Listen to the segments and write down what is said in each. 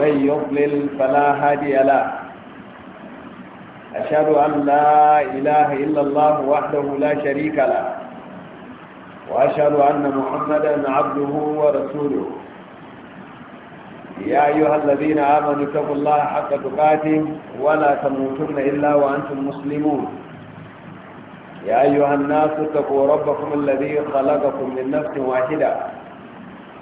ومن يضلل فلا هادي له أشهد أن لا إله إلا الله وحده لا شريك له وأشهد أن محمدا عبده ورسوله يا أيها الذين آمنوا اتقوا الله حق تقاته ولا تموتن إلا وأنتم مسلمون يا أيها الناس اتقوا ربكم الذي خلقكم من نفس واحدة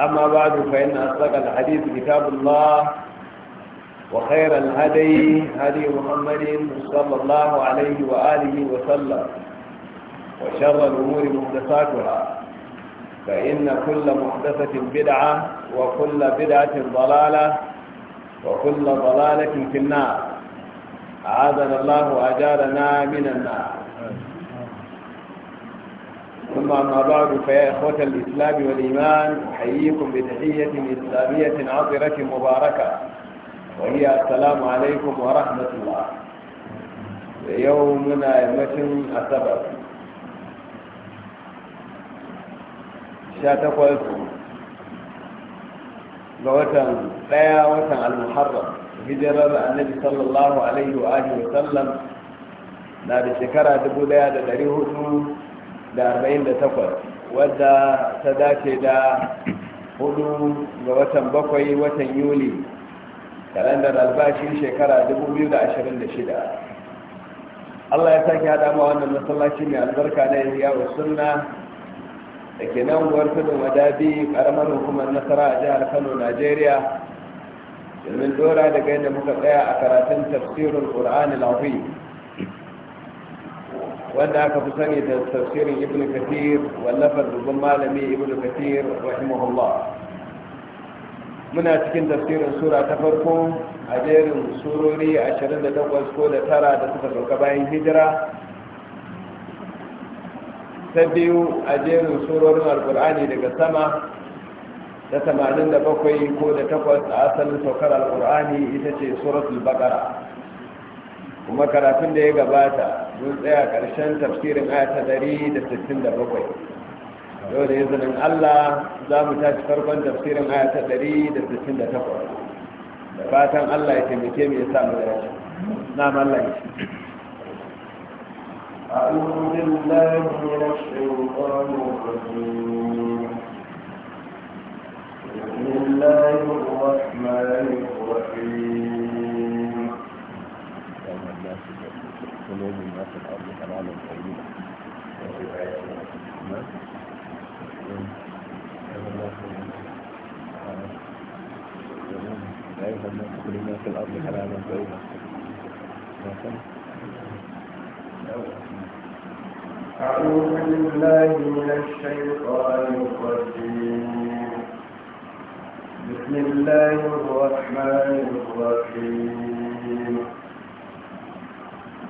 أما بعد فإن أصدق الحديث كتاب الله وخير الهدي هدي محمد صلى الله عليه وآله وسلم وشر الأمور محدثاتها فإن كل محدثة بدعة وكل بدعة ضلالة وكل ضلالة في النار أعاذنا الله أجارنا من النار ثم أما بعد فيا إخوة الإسلام والإيمان أحييكم بتحية إسلامية عطرة مباركة وهي السلام عليكم ورحمة الله يومنا يمتن السبب شاتقوز لوتن لا وتن المحرم هجرة النبي صلى الله عليه وآله وسلم نادي شكرا دبو ليا دريه da arba'in da takwas wadda ta dace da hudu ga watan bakwai watan yuli kalandar albashin shekara 2026 allah ya sake haɗa ma wannan masallaci mai albarka na yawon sunna da ke nan guwar tudun ƙaramar karamar hukumar nasara a jihar kano najeriya domin dora daga yadda muka tsaya a karatun tafsirin ƙur'an al wanda aka fi sani da tafsirin ibn kathir wallafar dubban malami ibn kathir rahimahullah muna cikin tafsirin sura ta farko a jerin surori 28 ko da tara da suka sauka bayan hijira ta biyu a jerin surorin alkur'ani daga sama ta da bakwai ko da takwas a asalin saukar alkur'ani ita ce suratul baqara kuma karatun da ya gabata mun tsaya ƙarshen tafsirin ayata 167 yau da izinin allah za mu tashi farkon tafsirin ayata 168 da fatan allah ya taimake mu ya samu da rashin na mallaki أعوذ بالله من الشيطان الرجيم بسم الله الرحمن الرحيم ولاد ما الأرض كان على كل الناس في الأرض كان على أعوذ بالله من الشيطان الرجيم بسم الله الرحمن الرحيم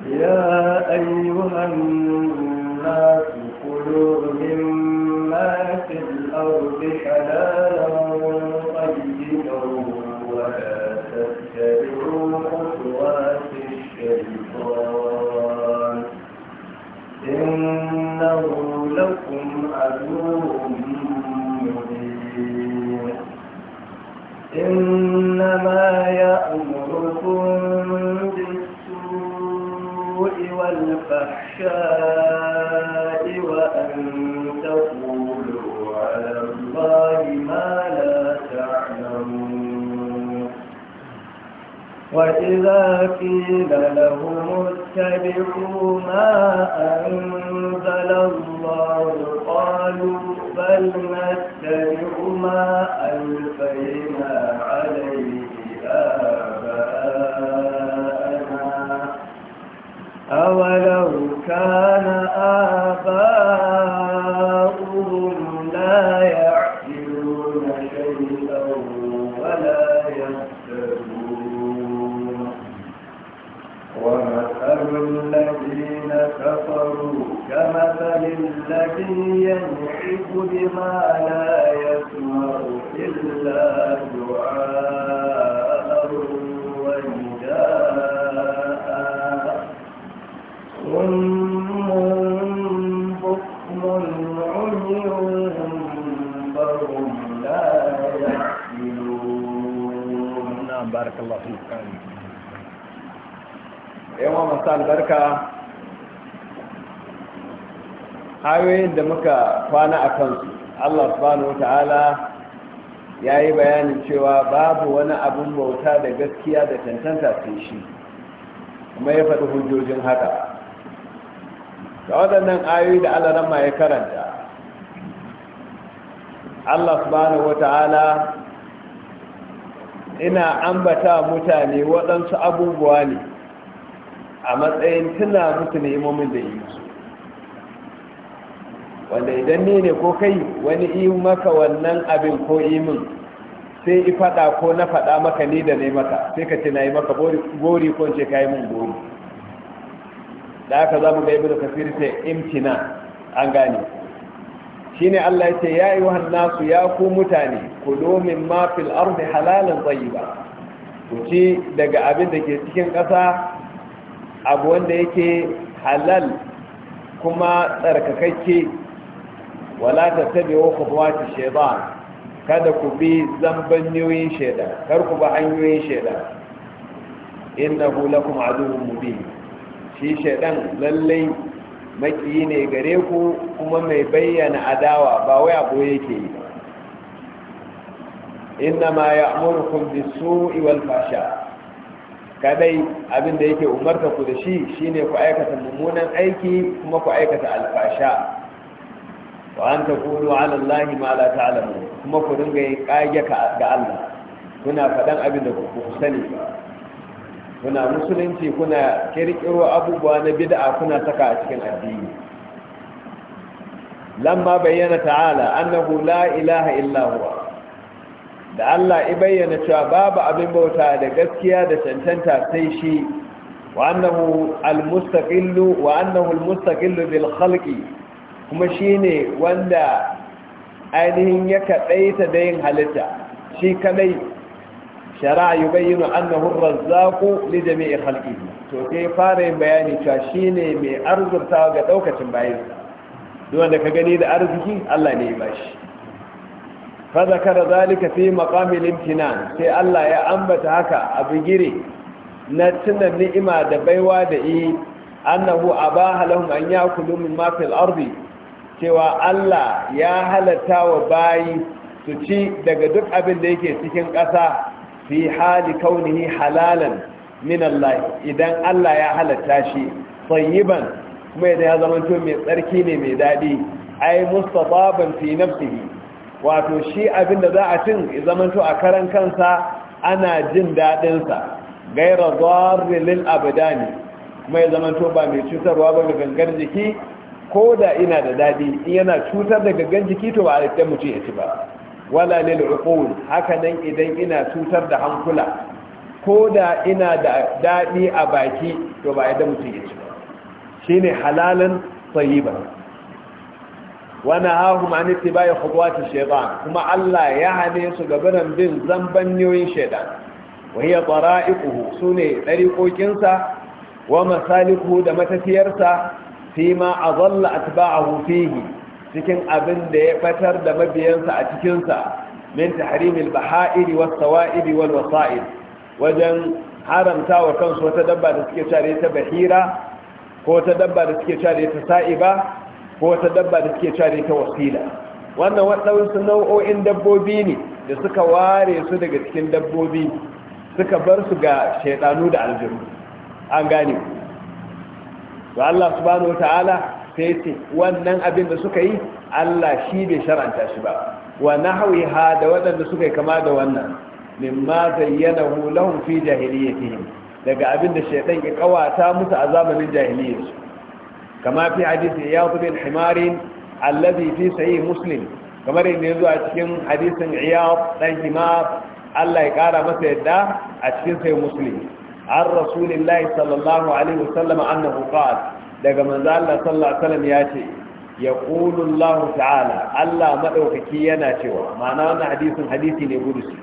يا أيها الناس كلوا مما في الأرض حلالا طيبا ولا تتبعوا خطوات الشيطان إنه لكم عدو مبين إنما يأمركم الفحشاء وأن تقولوا على الله ما لا تعلمون وإذا قيل لهم اتبعوا ما أنزل الله قالوا بل نتبع ما ألفينا عليه أولو كان آباؤهم ayoyin da muka kwana a kansu allah subhanahu ta'ala ya yi bayanin cewa babu wani abun bauta da gaskiya da tantanta sai shi kuma ya faɗi hujjojin haka da waɗannan ayoyi da alarama ya karanta allah subhanahu ta'ala ina ambata mutane waɗansu abubuwa ne a matsayin tuna musu nemomin da yi wanda idan ni ne ko kai wani yi maka wannan abin ko yi min sai i faɗa ko na faɗa maka ni da ne maka sai ka ce na yi maka gori ko ce ka yi min gori da haka za mu ga ibn kafir sai imtina an gane shine Allah ya ce ya ayyuhan nasu ya ku mutane ku domin ma fil ardi halalan tayyiba ku ci daga abin da ke cikin ƙasa abu wanda yake halal kuma tsarkakakke wala ta wa khutuwati shaytan kada ku bi niyoyin shaytan kar ku ba hanyoyin shaytan innahu lakum aduwwun mubin shi shaytan lallai maki ne gare ku kuma mai bayyana adawa ba wai a boye ke yi inna ma ya'murukum bis-su'i wal-fahsha' kadai abin da yake umarta ku da shi shine ku aikata mummunan aiki kuma ku aikata alfasha wa an taqulu ala allahi ma la ta'lamun kuma ku dinga yin kage ga Allah kuna faɗan abin da ku sani kuna musulunci kuna kirkiro abubuwa na bid'a kuna saka a cikin addini lamma bayyana ta'ala annahu la ilaha illa huwa da Allah i bayyana cewa babu abin bauta da gaskiya da cancanta sai shi wa annahu al-mustaqillu wa annahu al-mustaqillu bil khalqi kuma shi ne wanda ainihin ya kaɗaita da yin halitta shi kalai shari'a yi bayyana annahun razzaku li jami'i halki to sai fara yin bayani cewa shi ne mai arzurtawa ga ɗaukacin bayansa duk wanda ka gani da arziki Allah ne ba shi fa zakara zalika fi maqamil imtinan sai Allah ya ambata haka a bigire na tunan ni'ima da baiwa da yi annahu abaha lahum an yakulu min ma cewa Allah ya halatta wa bayi su ci daga duk abin da yake cikin ƙasa fi hali kaunihi halalan min Allah idan Allah ya halatta shi tsayiban kuma idan ya zamanto mai tsarki ne mai daɗi ai mustafaban fi nafsihi wato shi abin da za a cin zamanto a karan kansa ana jin daɗinsa gaira zarri lil abdani kuma ya zamanto ba mai cutarwa ba ga gangar jiki ko da ina da daɗi in yana cutar da gangan jiki to ba a rike mutum ya ci ba wala lil uqul haka nan idan ina cutar da hankula ko da ina da daɗi a baki to ba a yadda mutum ya ci ba shine halalan tayyiba wa nahahum an ittiba'i khutuwati shaytan kuma Allah ya hane su ga gabaran bin zambanniyoyin shaytan wa hiya tara'iquhu sune dariqokin sa wa masalikuhu da matafiyarsa fi azalla atba'ahu fihi cikin abin da ya batar da mabiyansa a cikin sa min tahrimil baha'iri was sawa'ib wal wasa'id wajen haramta wa kansu wata dabba da suke share ta bahira ko ta dabba da suke share ta sa'iba ko ta dabba da suke share ta wasila wannan waɗansu nau'o'in dabbobi ne da suka ware su daga cikin dabbobi suka bar su ga shaidanu da aljanu an gane ku to Allah subhanahu wataala sai ce wannan abin da suka yi Allah shi bai shar'anta shi ba wa nahwiha da waɗanda suka yi kama da wannan mimma Zayyana lahum fi jahiliyyatihim daga abin da shaytan ya kawata musu a zamanin jahiliyyarsu kama fi hadisi ya bin himarin alladhi fi sayi muslim kamar yadda ya zo a cikin hadisin iyaf dan himar Allah ya kara masa yadda a cikin sai musulmi an rasulillahi sallallahu alaihi wasallam annahu qala daga manzo Allah sallallahu alaihi wasallam ya ce yaqulu ta'ala Allah maɗaukaki yana cewa ma'ana wannan hadisin hadisi ne gudusi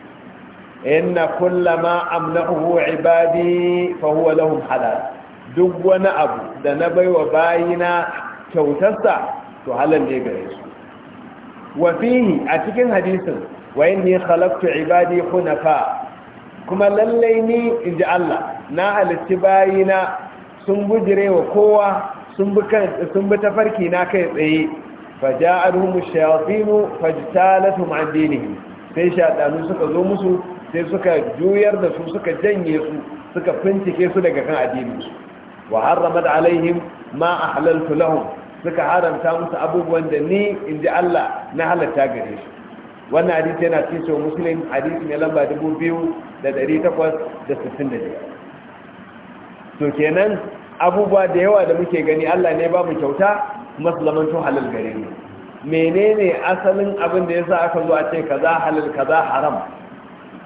inna kullama amnahu ibadi fa huwa lahum halal duk wani abu da na baiwa bayina kyautarsa to halal ne gare su wa fihi a cikin hadisin wa inni khalaqtu ibadi hunafa kuma lallai ni in ji Allah na halitti bayina sun bujire wa kowa sun bi tafarki na kai tsaye faja'arhum shayatinu fajtalatum an dinihim sai shaytanu suka zo musu sai suka juyar da su suka janye su suka fincike su daga kan addinin su wa harramat alaihim ma ahlaltu lahum suka haramta musu abubuwan da ni inji Allah na halatta gare shi. wannan hadisi yana cikin sahih muslim hadisi mai lamba 2865 to kenan abubuwa da yawa da muke gani Allah ne ba mu kyauta musulmantu halal gare mu menene asalin abin da yasa aka zo a ce kaza halal kaza haram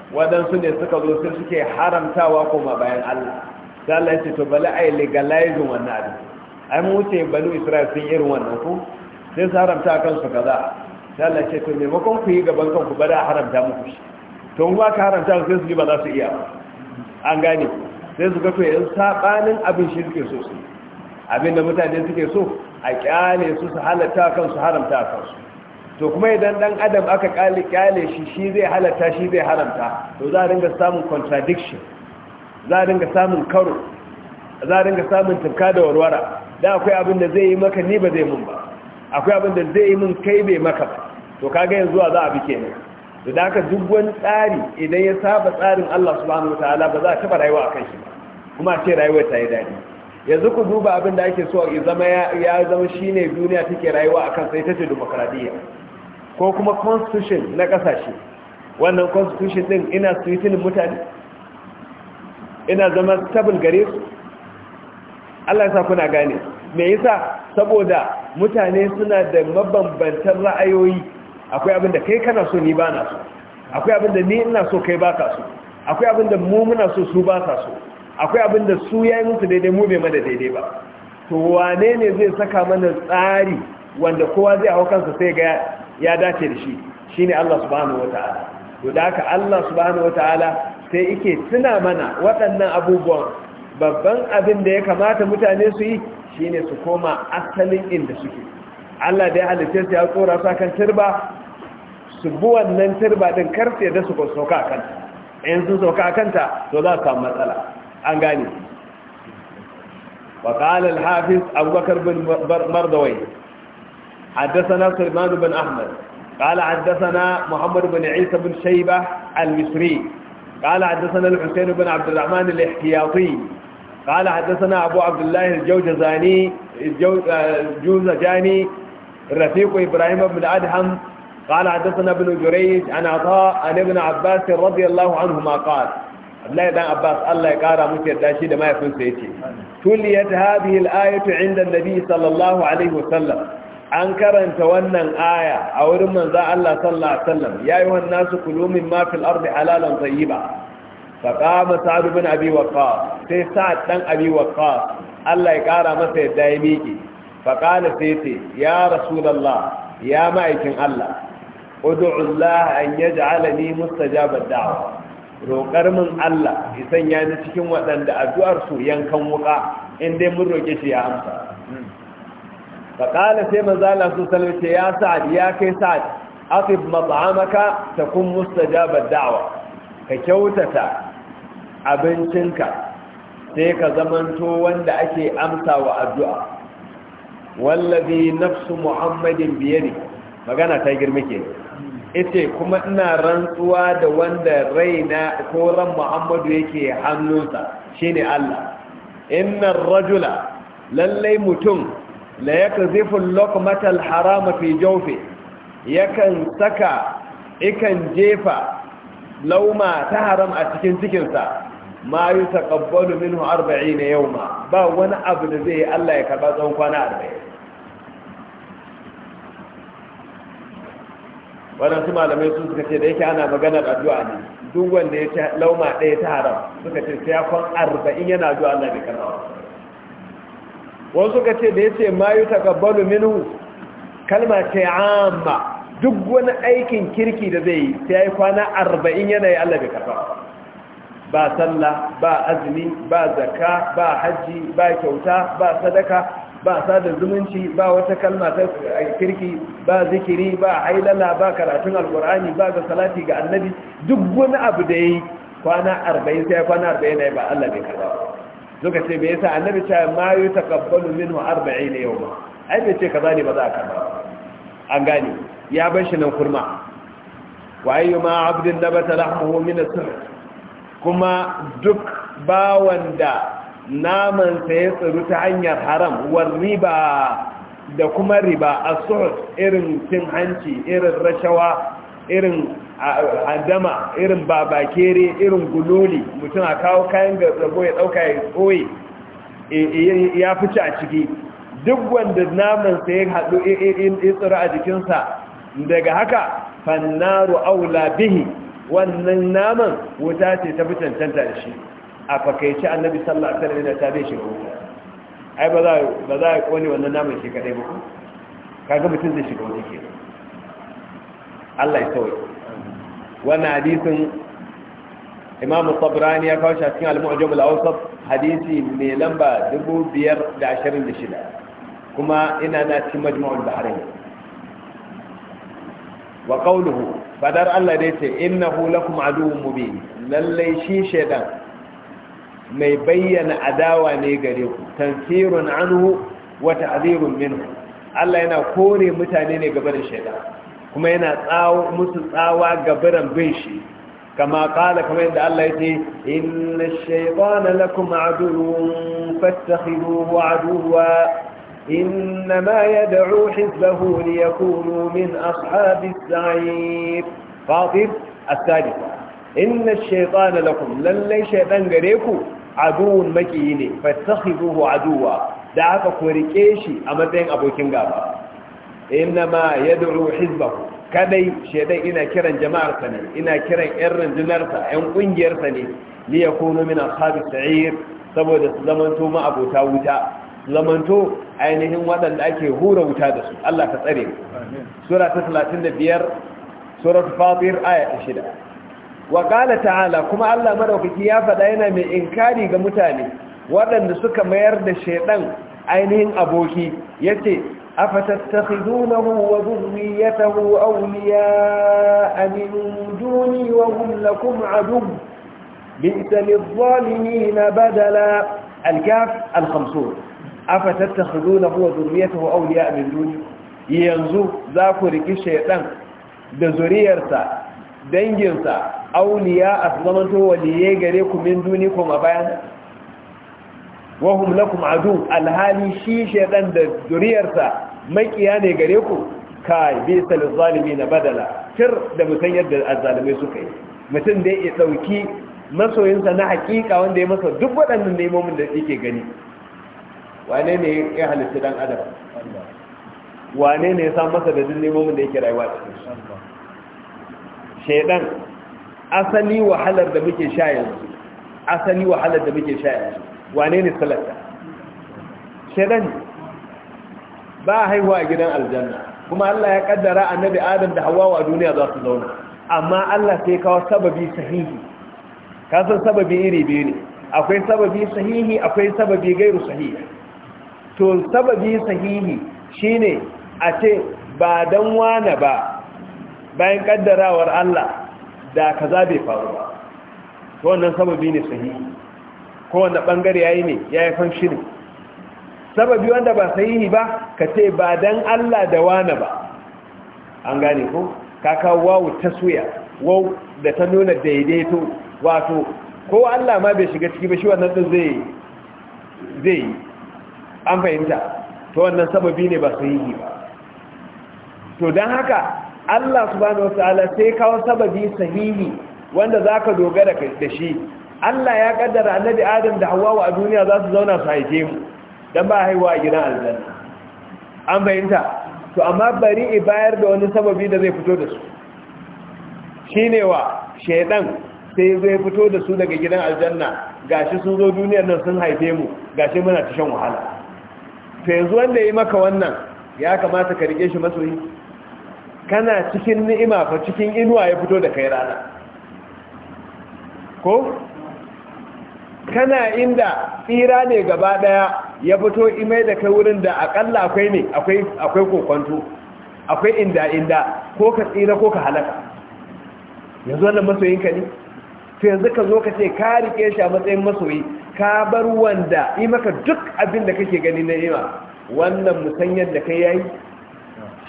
Waɗansu ne suka zo sai suke haramtawa kuma bayan Allah sai Allah ya ce to bala ai legalize wannan abin ai mu wuce balu Isra'il sun irin wannan ko sai su haramta kansu kaza sai Allah ce to maimakon ku yi gaban kanku ba a haramta muku shi to kuma ba ka haramta sai su yi ba za su iya an gane sai su ga to yanzu sabanin abin shi suke so su abin da mutane suke so a kyale su su halatta kansu haramta kansu to kuma idan dan adam aka kyale kyale shi shi zai halatta shi zai haramta to za a ringa samun contradiction za a ringa samun karo za a ringa samun tafka da warwara da akwai abin da zai yi maka ni ba zai mun ba akwai abin da zai yi mun kai bai maka ba to kaga yanzu a za a bi kenan to da haka duk wani tsari idan ya saba tsarin Allah subhanahu wataala ba za a taba rayuwa akan shi ba kuma ce rayuwar ta yi daɗi yanzu ku duba abin da ake so ya zama ya zama shine duniya take rayuwa akan sai ta ce demokradiya ko kuma constitution na kasashe wannan constitution din ina suitin mutane ina zama tabul gare su Allah ya sa kuna gane me yasa saboda mutane suna da mabambantan ra'ayoyi akwai abin da kai kana so ni ba na so akwai abin da ni ina so kai ba so akwai abin da mu muna so su ba ka so akwai abin da su ya yi musu daidai mu bai mana daidai ba to wane ne zai saka mana tsari wanda kowa zai hau kansa sai ga ya dace da shi shine Allah subhanahu wataala to da haka Allah subhanahu wataala sai yake tuna mana waɗannan abubuwan babban abin da ya kamata mutane su yi shine su koma asalin inda suke Allah da ya halitta ya tsora su ba. turba su bi wannan turbaɗin karfe da su sauka a kanta in sun sauka a kanta to za su samu matsala an gane wa ƙalar hafiz abubakar bin mardawai haddasana sulmanu bin ahmad ƙala haddasana muhammad bin isa bin shaiba al-misri ƙala haddasana al-husainu bin abdulrahman al-ihtiyatu ƙala haddasana abu abdullahi jauja jani rafiku ibrahim abu adham قال حدثنا ابن جريج عن عطاء عن ابن عباس رضي الله عنهما قال الله بن عباس الله يقارى مكر داشي لما يكون سيتي تليت هذه الآية عند النبي صلى الله عليه وسلم an karanta wannan aya a wurin manza Allah sallallahu ya yi wannan nasu kulu mimma fil ardi halalan tayyiba fa qama sa'd ibn abi waqqas sai sa'd ɗan abi waqqas Allah ya kara masa yadda ya miƙe fa qala sai ce ya rasulullah ya ma'aikin Allah ud'u Allah an yaj'alani mustajabad da'wa roƙar min Allah ya sanya ni cikin waɗanda addu'ar su yankan wuƙa, in dai mun roƙe shi ya amsa fa sai maza Allah su sallallahu alaihi ya sa'ad ya kai sa'ad ta kun takun jabar da'awa. ka kyautata abincinka sai ka zamanto wanda ake amsa wa addu'a wallazi nafsu muhammadin biyadi magana ta girmake. ke ita kuma ina rantsuwa da wanda raina ko ran muhammadu yake hannunsa shine Allah inna rajula lallai mutum la yakzifu lokmatal harama fi jawfi yakan saka ikan jefa lauma ta haram a cikin cikinsa ma yi minhu arba'ina yau ma ba wani abu da zai Allah ya karɓa tsawon kwana arba'in waɗansu malamai sun suka ce da yake ana maganar addu'a ne duk wanda ya ci lauma ɗaya ta haram suka ce sai ya kwan arba'in yana addu'a Allah bai karɓa wasu suka ce da ya ce ma yi takabbalu minhu kalma ce amma duk wani aikin kirki da zai yi sai ya yi kwana arba'in yana yi Allah bai karɓa ba sallah ba azumi ba zakka ba hajji ba kyauta ba sadaka ba sadar zumunci ba wata kalma ta kirki ba zikiri ba hailala ba karatun alkur'ani ba ga salati ga annabi duk wani abu da yi kwana 40 sai kwana 40 ne ba Allah bai karba suka ce me sa annabi ta ma yu taqabbalu minhu 40 yawma ai bai ce kaza ne ba za a karba an gane ya bar shi nan kurma wa ayyuma abdin nabata lahmuhu min as kuma duk bawan da naman sa ya tsiru ta hanyar haram war riba da kuma riba a suhd irin cin hanci irin rashawa irin adama irin babakere irin guloli mutum a kawo kayan da rago ya dauka ya tsoye ya fice a ciki duk wanda naman sa ya haɗu irin tsira a jikinsa daga haka fannaru aula bihi wannan naman wuta ce ta fi cancanta da shi a fakaice annabi sallallahu alaihi wasallam da ta bai shiga wuta ai ba za ba za ya kone wannan naman shi kadai ba kaga mutum zai shiga wuta kenan Allah ya sauya wannan hadisin Imam Tabrani ya kawo shi a cikin Al-Mu'jam al-Awsat hadisi mai lamba 526 kuma ina na cikin Majmu'ul Bahrain wa qawluhu fadar Allah da yace innahu lakum aduwwun mubin lallai shi shaytan mai bayyana adawa ne gare ku tansirun anhu wa ta'zirun minhu Allah yana kore mutane ne gaban shaida kuma yana tsawo musu tsawa gaban bin shi kama kala kuma yadda Allah yake inna shaytana lakum aduwwun fattakhiduhu aduwwa إنما يدعو حزبه ليكونوا من أصحاب السعير فاطر الثالثة إن الشيطان لكم للي شيطان قريكم aduwun makiyi ne fatakhizuhu aduwa da haka ko rike shi a matsayin abokin gaba innama yad'u hizbahu kadai shedan ina kiran jama'ar sa ne ina kiran yan rundunar sa yan kungiyar sa ne li yakunu min ashabis sa'ir saboda su zamanto ma abota wuta zamanto ainihin waɗanda ake hura wuta da su Allah ka tsare sura ta 35 suratul fatir aya ta 6 wa ƙala ta'ala kuma Allah madaukaki ya faɗa yana mai inkari ga mutane waɗanda suka mayar da shaidan ainihin aboki yace afatattakhidunahu wa dhurriyyatahu awliya'a min duni wa hum lakum aduw bi'sa lidh-dhalimin badala al-kaf al-khamsun afatattakhidunahu wa dhurriyyatahu awliya'a min duni yanzu za ku riki shaidan da zuriyarsa danginsa auliya a zamanto waliye gare ku min duni ma bayan wahum lakum adu alhali shi shaidan da duriyarsa makiya ne gare ku kai bi sal zalimi na badala kir da mutan yadda azzalimai suka yi mutum da ya dauki masoyinsa na hakika wanda ya masa duk waɗannan neman da yake gani wane ne ya halitta dan adam wane ne ya san masa da duk neman da yake rayuwa shaidan asali wahalar da muke sha yanzu asali wahalar da muke sha yanzu wane ne salata shaidan ba haihuwa a gidan aljanna kuma Allah ya kaddara annabi Adam da hawa a duniya za su zauna amma Allah sai kawo sababi sahihi kasan sababi iri biyu ne akwai sababi sahihi akwai sababi gairu sahihi to sababi sahihi shine a ce ba dan wane ba bayan kaddarawar Allah da kaza bai faru ba wannan sababi ne sahihi kowanne bangare yayi ne yayi fanshi ne sababi wanda ba sahihi ba ka ce ba dan Allah da wani ba an gane ko ka kawo wawu taswiya wawu da ta nuna daidaito wato ko Allah ma bai shiga ciki ba shi wannan din zai zai an fahimta to wannan sababi ne ba sahihi ba to dan haka Allah subhanahu wataala sai kawo sababi sahihi wanda zaka dogara da shi Allah ya kaddara annabi Adam da Hawwa a duniya za su zauna su haife mu dan ba haihuwa a aljanna an bayyanta to amma bari i bayar da wani sababi da zai fito da su shine wa shaidan sai zai fito da su daga gidan aljanna gashi sun zo duniyar nan sun haife mu gashi muna ta shan wahala to yanzu wanda ya yi maka wannan ya kamata ka rike shi masoyi kana cikin ni'ima fa cikin inuwa ya fito da kai rana ko kana inda tsira ne gaba daya ya fito imai da kai wurin da akalla akwai ne akwai akwai akwai inda inda ko ka tsira ko ka halaka yanzu wannan masoyinka ne to yanzu ka zo ka ce ka rike shi a matsayin masoyi ka bar wanda yi maka duk abin da kake gani na ima wannan musanyar da kai yayi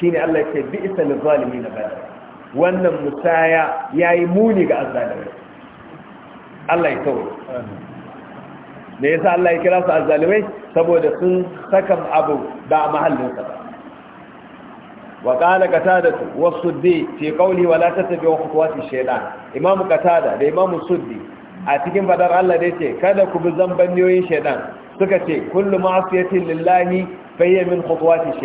shine Allah yake bi isa lil zalimin badal wannan musaya yayi muni ga azzalimai Allah ya tawo ne yasa Allah ya kira su azzalimai saboda sun saka abu da mahallin sa wa qala qatada wa suddi fi qawli wa la tattabi'u khutuwati shaytan imam qatada da Imam suddi a cikin badar Allah da yake kada ku bi zambanniyoyin shaytan suka ce kullu ma'siyatin lillahi Fayyamin min khutuwati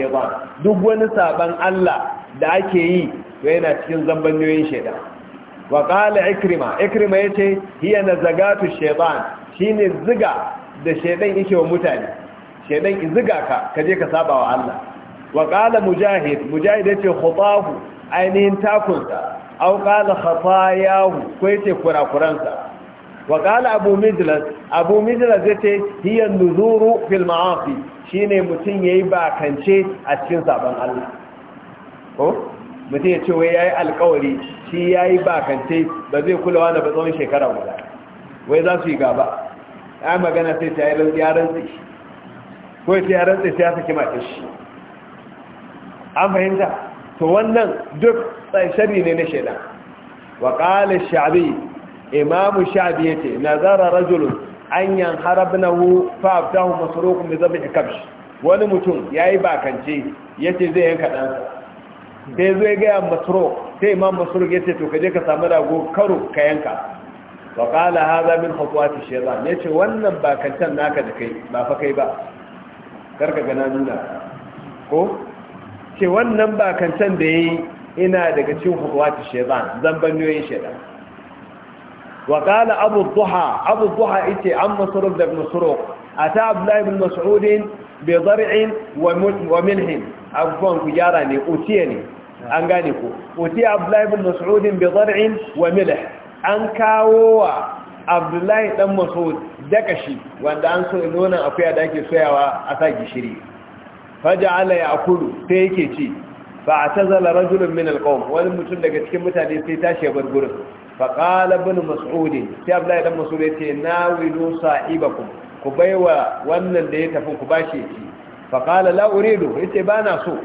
duk wani saban Allah da ake yi to yana cikin zambanniyoyin shaytan wa qala ikrima ikrima yace hiya nazagatu shaytan shine ziga da shaytan yake wa mutane shaytan ki ziga ka kaje ka saba wa Allah wa qala mujahid mujahid yace khutahu ainihin takunsa aw qala khatayahu ko yace kurakuransa wa qala abu midlas abu midlas yace hiya nuzuru fil ma'asi shine mutun yayi bakance a cikin saban Allah ko mutum ya ce wai yayi alƙawari shi yayi bakance ba zai kula wani ba tsawon shekara guda wai za su yi gaba ai magana sai ta yi ko ya ce sai ya saki an fahimta to wannan duk shari ne na shaida. wa qala shabi imamu shabi ya ce nazara rajulun an yan harabnahu fa'abtahu masarukun bi zabi kabsh wani mutum ya yi bakance ya ce zai yanka ɗansa sai zai gaya masaruk sai imam masaruk ya ce to kaje ka samu rago karo ka yanka wa qala hadha min khutuwati shaytan yace wannan bakancan naka da kai ba fa kai ba karka ga nuna ko ce wannan bakancan da yayi ina daga cikin khutuwati shaytan zan banyoyin shaytan وقال أبو الضحى أبو الضحى إتي عن مسروق ذا بن مسروق أتى عبد الله بن مسعود بضرع وملح عفوا كجاراني أتيني أنغانيكو أتي عبد الله بن مسعود بضرع وملح أنكاوا عبد الله بن مسعود دكشي وأن أنسو إنونا أفيا داكي سويا أتاكي شري فجعل يأكل تيكي تي فاعتزل رجل من القوم ولم تلقى تكمتها لسيتاشي برقرق faƙala bin mas'udi sai abdullahi dan mas'ud ya ce na wilo sa'ibakum ku baiwa wannan da ya tafi ku bashi ci faƙala la uridu yace ba na so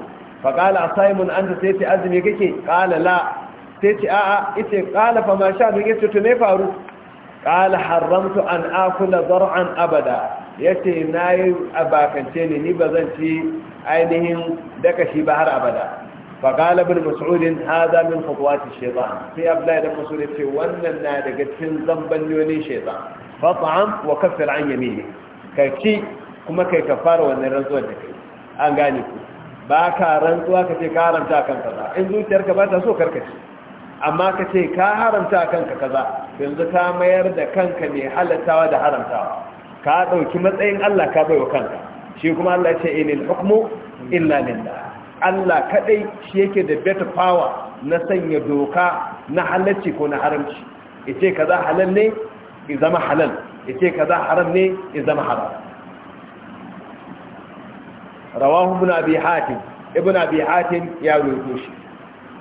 faƙala asaimun anta sai ce azumi kake ƙala la sai ce a'a yace ƙala fa ma sha bin yace to me faru ƙala haramtu an akula zar'an abada yace nayi abakance ne ni bazan ci ainihin dakashi ba har abada فقال ابن مسعود هذا من خطوات الشيطان في أبلا ابن مسعود يقول وأننا لقتل ذنبا يوني شيطان فاطعم وكفر عن يمينك كي كما كي كفار وأن الرزوة لكي أنقاني باكا رنزوة كتي كارم تاكن كذا إن ذو ترك باتا سو كركتي أما كتي كارم تاكن كذا فإنذ كام يرد كنك مي حلتا ودى حرم تاوى كاتو كمت أين الله كابي وكنك شيكم الله شيء إن الحكم إلا لله Allah kadai shi yake da better power na sanya doka na halacci ko na haramci yace kaza halal ne ya zama halal yace kaza haram ne ya zama haram rawahu ibn abi hatim ibn abi hatim ya rawaito shi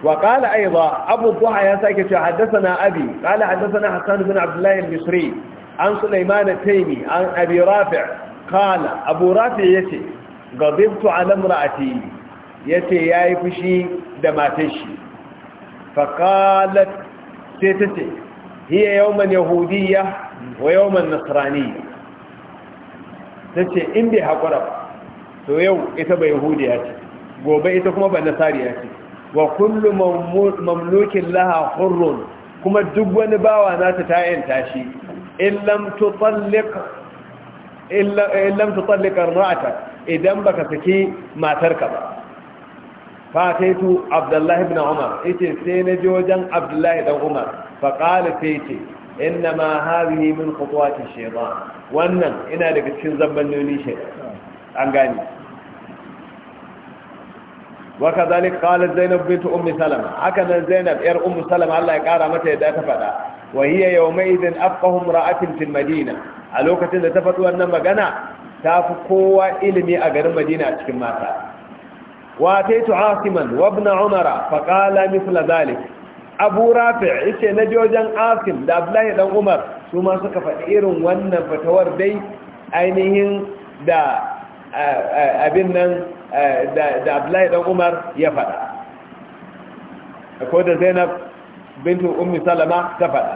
وقال أيضا أبو الضحى يا ساكت حدثنا أبي قال حدثنا حسان بن عبد الله المصري عن سليمان التيمي عن أبي رافع قال أبو رافع يتي غضبت على امرأتي ya ce ya yi fushi da matan shi faƙalat sai ta ce hiya yawman yahudiya wa yawman nasraniya ta ce in bai haƙura to yau ita ba yahudiya ce gobe ita kuma ba nasariya ce wa kullum mamlukin laha hurrun kuma duk wani bawa na ta yanta shi in lam tutallika ra'ata idan ba ka saki matarka ba fataitu abdullahi ibn umar yace sai na je wajen abdullahi dan umar faqala fayce inma hadhihi min khutuwati shaytan wannan ina daga cikin zambanoni shaytan an gani waka zalik qala zainab bint umm salama haka nan zainab yar umm salama Allah ya kara mata yadda ta fada wa hiya yawma idin afqahum ra'atin madina a lokacin da ta faɗi wannan magana ta fi kowa ilimi a garin madina cikin mata واتيت عاصما wabna Umar'a فقال مثل ذلك abu rafi ce na jojen asim da abdullahi dan umar su ma suka faɗi irin wannan fatawar dai ainihin da abin nan da abdullahi dan umar ya faɗa ko da zainab bintu ummi salama ta faɗa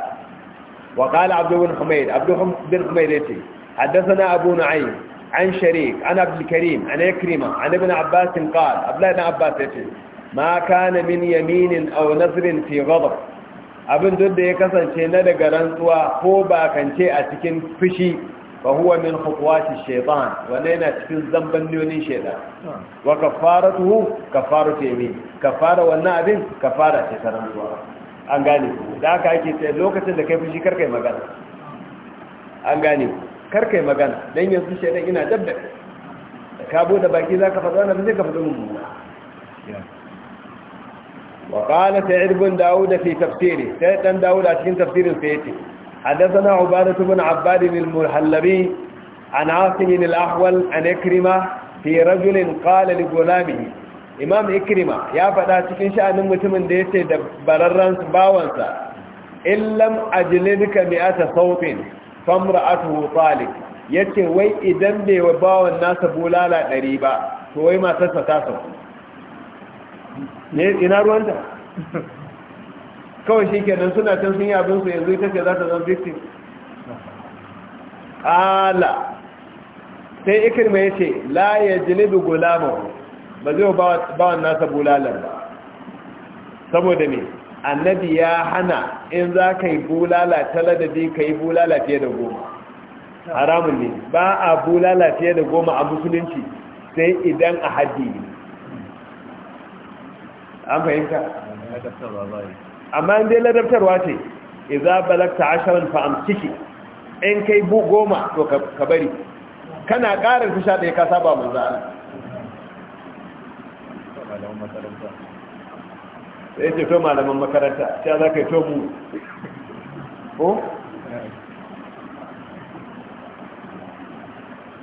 wa qala abdu bin humayd abdu bin humayd yace haddathana abu nu'aym عن شريك عن عبد الكريم عن إكرمة عن ابن عباس قال أبلا ابن عباس يقول ما كان من يمين أو نصر في غضب abin duk da ya kasance na daga rantsuwa ko ba kance a cikin fushi fa huwa min khutuwati shaytan wanda yana cikin zambanniyoyin shaytan wa kafaratuhu kafaratu yamin kafara wannan abin kafara ce ta an gane lokacin da kai fushi kar magana an gane kar yi magana dan yanzu shaidan ina dab da ka da baki ka faɗa wannan zai ka faɗa mun wa qala sa'id dawo da fi tafsiri sai dan dawo a cikin tafsirin abadi yace حدثنا a na عباد yin عن a na عن fi في رجل da لغلامه imam Ikirima ya faɗa cikin sha'anin mutumin da ya ce da bararren bawansa illam ajilidka mi'ata sautin famra'atuhu talib yace wai idan bai wa bawan nasa bulala ɗari ba to wai matarsa ta sauku ne ina ruwanta kawai shikenan suna can sun yi abin su yanzu ita ce za ta zama victim ala sai ikirma ya ce la ya jinibi gulamahu ba zai bawan nasa bulalar ba saboda me annabi ya hana in za ka yi bulala ta ladabi ka yi bulala fiye da goma haramun ne ba a bulala fiye da goma a musulunci sai idan a haddi ne an fahimta amma in dai ladabtarwa ce iza balakta ashirin fa'am ciki in kai bu goma to ka bari kana ƙarar fi sha ɗaya ka saba za'a sai ce to malaman makaranta ta za ka yi to mu ko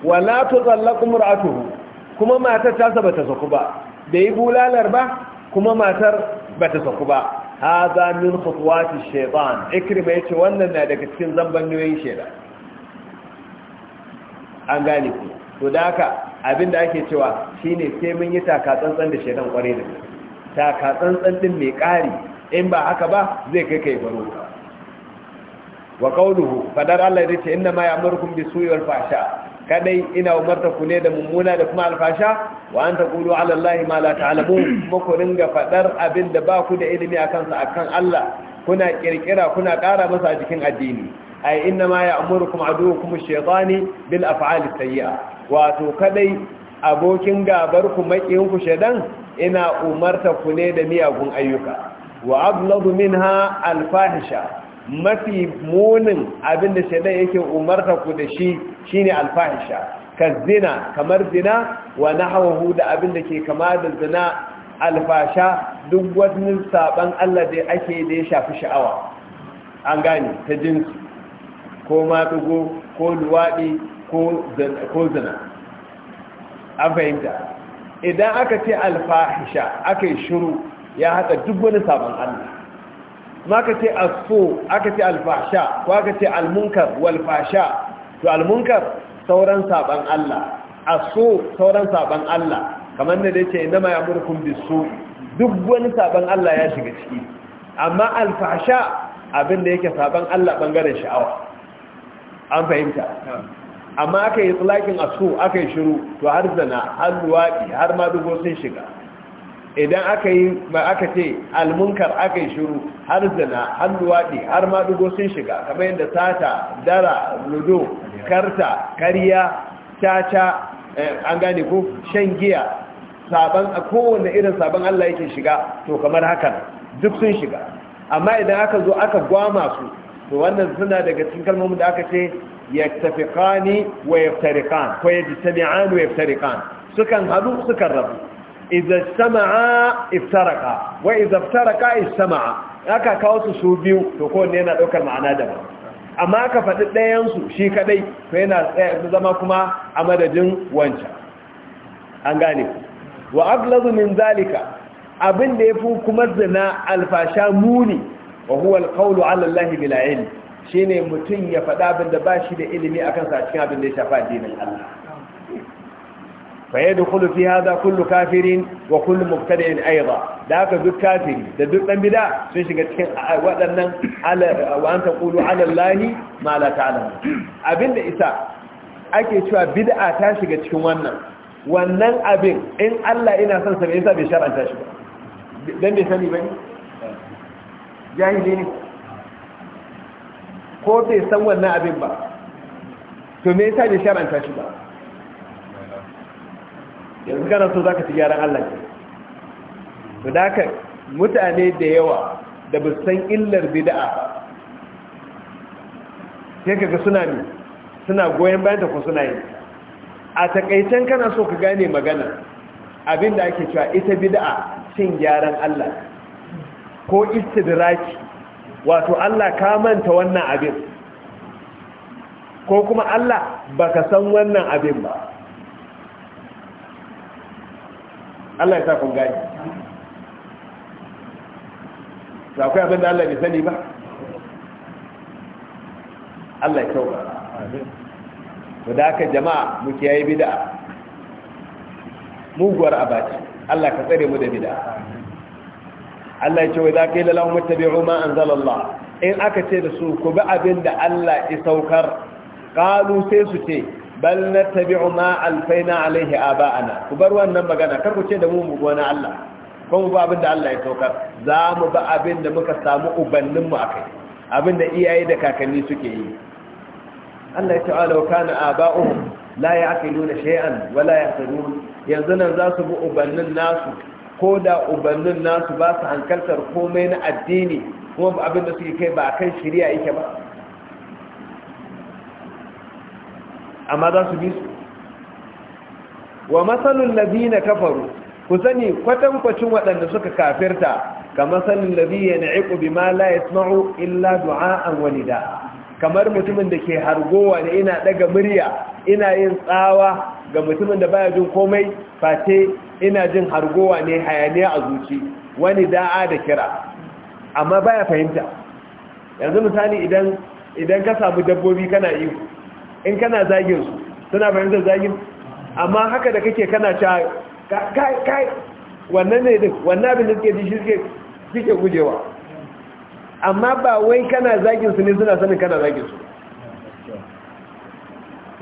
wala to tsallaku mur'atuhu kuma matar tasa ta saku ba bai yi bulalar ba kuma matar ba ta saku ba haza min khutuwati Ikirma ya ce wannan na daga cikin zamban nuyoyin shaytan an gane ku to da haka abinda ake cewa shine sai mun yi taka tsantsan da shaidan kware da gaske taka tsantsan din mai ƙari in ba haka ba zai kai kai baro wa qawluhu fadar Allah ya ce inna ma ya'murukum su'i wal fahsha kadai ina umarta ku ne da mummuna da kuma alfasha wa anta qulu ala allahi ma la ta'lamun kuma ku ringa fadar abin da ba ku da ilimi akan sa akan Allah kuna kirkira kuna ƙara masa a cikin addini ay inna ma ya'murukum aduwwukum ash-shaytani bil af'ali sayyi'a wato kadai abokin gabar ku makiyin ku shedan ina umarta ku ne da miyagun ayyuka wa abladu minha alfahisha mafi munin abin da shaidan yake umarta ku da shi shine alfahisha kazina kamar zina wa nahwahu da abin da ke kama da zina alfasha duk wani saban Allah da ake da ya shafi sha'awa an gane ta jinsi ko matsugo ko luwaɗi ko zina an fahimta idan aka ce alfahisha aka yi shiru ya haɗa duk wani sabon Allah ma ka ce aso aka ce alfahisha ko aka ce almunkar walfahisha to almunkar sauran sabon Allah aso sauran sabon Allah kamar da ce ina ma ya murkun bisu duk wani sabon Allah ya shiga ciki amma alfahisha abinda yake sabon Allah ɓangaren sha'awa an fahimta amma aka yi tsulakin su aka yi shiru to har zana har luwaɗi har madugo sun shiga idan aka yi ba aka ce almunkar aka yi shiru har zana har luwaɗi har madugo sun shiga kamar yadda sata dara ludo karta kariya caca eh, an gane ko shan giya saban a kowane irin saban Allah yake shiga to kamar hakan duk sun shiga amma idan aka zo aka gwama su to wannan suna daga cikin kalmomin da aka ce yaktafiqani wa yaftariqan ko yajtami'an wa yaftariqan sukan hadu sukan rabu idza sama'a iftaraqa wa idza iftaraqa sama'a aka kawo su su biyu to ko ne yana daukar ma'ana da amma aka faɗi ɗayan su shi kadai to yana tsaya zama kuma a madadin wancan an gane wa aglazu min zalika abin da yafi kuma zina alfasha muni wa huwa alqawlu ala allahi bila ilm shine mutum ya faɗa abin da ba shi da ilimi akan sa cikin abin da ya shafa addinin Allah fa yadkhulu fi hadha kullu kafirin wa kullu mubtadi'in aidan da haka duk kafiri da duk dan bid'a sun shiga cikin waɗannan ala wa an taqulu ala allahi ma la ta'lamu abinda isa ake cewa bid'a ta shiga cikin wannan wannan abin in Allah ina son sa bai sa bai shar'anta shi ba dan bai sani bane jahili ne ko bai san wannan abin ba to me yasa bai sharanta shi ba yanzu kana so zaka ci gyaran Allah ne to da haka mutane da yawa da ba san illar bid'a sai kaga suna ne suna goyen bayan ta ko suna yi a takaicen kana so ka gane magana abin da ake cewa ita bid'a cin gyaran Allah ko istidraki wato Allah ka manta wannan abin ko kuma Allah baka san wannan abin ba Allah ya sa kun gani da akwai abin da Allah bai sani ba Allah ya kyau ba da haka jama'a muke yayi bid'a muguwar abaci Allah ka tsare mu da bid'a Allah ya ce wa zaka ila lahum ittabi'u ma anzalallah in aka ce da su ku bi abin da Allah ya saukar qalu sai su ce bal nattabi'u ma alfaina alaihi aba'ana ku bar wannan magana kar ku ce da mu mu gona Allah ko mu ba abin da Allah ya saukar za mu ba abin da muka samu ubannin mu akai abin da iyaye da kakanni suke yi Allah ya ta'ala wa kana aba'uhum la ya'qiluna shay'an wa la yahtadun yanzu nan za su bi ubannin nasu ko da ubannin nasu ba su hankaltar komai na addini kuma abin da suke kai ba a kan shirya yake ba amma za su bi su wa matsalin na kafaru ku sani kwatankwacin waɗanda suka kafirta ka matsalin labiya na iku bi ma la yasma'u illa wani walida kamar mutumin da ke hargowa ne ina ɗaga murya ina yin tsawa ga mutumin da baya jin komai Fate. ina jin hargowa ne hayaniya a zuci wani da'a da kira amma baya fahimta yanzu misali idan idan ka samu dabbobi kana yi in kana zagin su suna fahimtar zagin amma haka da kake kana ta kai kai wannan ne din wannan abin da suke ji shi suke gujewa amma ba wai kana zagin su ne suna sanin kana zagin su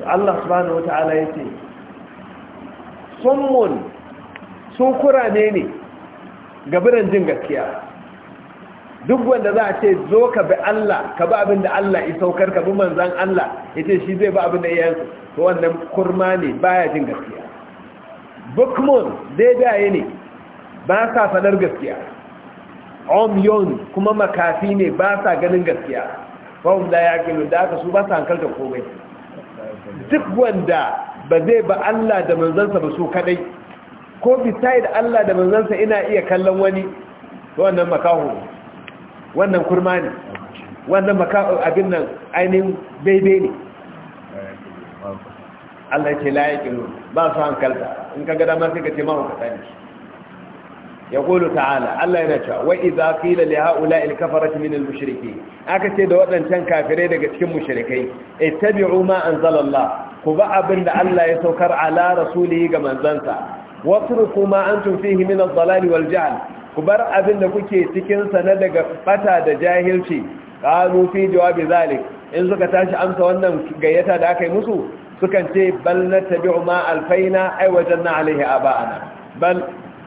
Allah subhanahu wata'ala ya ce summun Sun kura ne gabiran jin gaskiya duk wanda za a ce zo ka bi Allah ka bi abin da Allah ya saukar ka bi manzan Allah ya ce shi zai bi abin da iyayensu to wannan kurma ne baya jin gaskiya bukmon daidaye ne ba sa fadar gaskiya omyon kuma makafi ne ba sa ganin gaskiya fahim da ya kilu da aka su ba sa hankalta komai duk wanda ba zai ba Allah da manzansa ba su kadai ko beside Allah da manzansa ina iya kallon wani wannan makaho wannan kurma ne wannan makaho abin nan ainihin bebe ne Allah ce laye kilo ba su hankalta in ka gada masu ka ce ma mahaukata ne ya kolo ta'ala Allah yana cewa wa iza qila li haula il kafarati min al mushrikeen aka ce da waɗancan kafirai daga cikin mushrikai ittabi'u ma anzala Allah ku ba abin da Allah ya saukar ala rasulihi ga manzansa Wasu ma an tufi min ad waljihar, wal ku bar abin da kuke cikin sa na daga fata da jahilci qalu fi jawabi zalik in suka tashi amsa wannan gayyata da aka yi musu sukan ce bal nattabi'u ma alfaina ay wajanna alaihi aba'ana bal